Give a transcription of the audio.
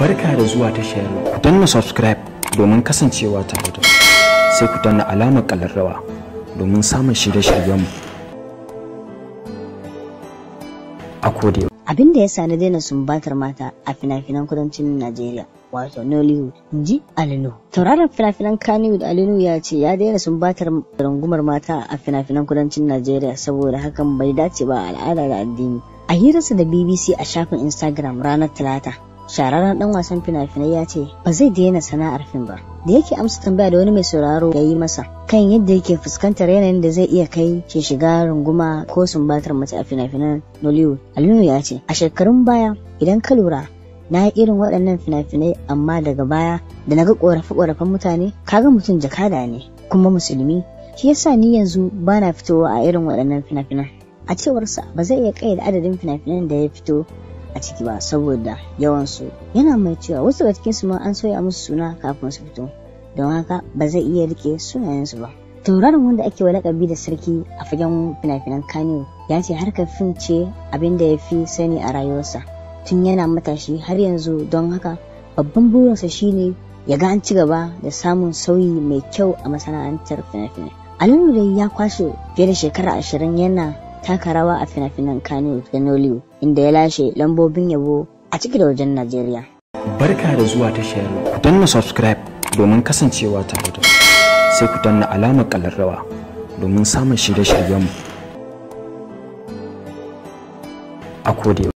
barka da zuwa ta shayarwa, ku danna subscribe domin kasancewa tare da sai ku danna alamar kallarrawa domin samun shirye-shiryenmu a kodewa abin da ya sani daina sumbatar mata a fina-finan kudancin Najeriya wato Nollywood ji Alinu. Tauraron fina-finan Kannywood Alinu ya ce ya daina sumbatar rangumar mata a fina-finan kudancin Najeriya saboda hakan bai dace ba al'ada da addini. A hirarsa da BBC a shafin Instagram ranar Talata, shararren dan wasan fina-finai ya ce ba zai daina sana'ar fim ba da yake amsa tambaya da wani mai sauraro ya yi masa kan yadda yake fuskantar yanayin da zai iya kai ke shiga runguma ko sumbatar mace a fina-finan Nollywood. Alinu ya ce a shekarun baya idan ka lura na yi irin waɗannan fina-finai amma daga baya da na ga ƙorafe-ƙorafen mutane ka ga mutum jakada ne kuma musulmi shi yasa ni yanzu ba na fitowa a irin waɗannan fina-finan a cewarsa ba zai iya kai da adadin fina-finan da ya fito a ciki ba saboda yawansu yana mai cewa wasu daga cikinsu ma an soya musu suna kafin su fito don haka ba zai iya rike sunayensu ba tauraron wanda ake wa lakabi da sarki a fagen fina-finan kano ya ce harkar fin ce abin da ya fi sani a rayuwarsa tun yana matashi har yanzu don haka babban burinsa shine ya ga an ci gaba da samun sauyi mai kyau a masana'antar fina-finai alinu dai ya kwashe fiye da shekara ashirin yana taka rawa a fina-finan Kano da Nollywood inda ya lashe lambobin yabo a ciki da wajen Najeriya. Barka da zuwa ta shayarwa ku danna subscribe domin kasancewa ta da sai ku danna alamar rawa domin samun shirye-shiryenmu. A kodewa.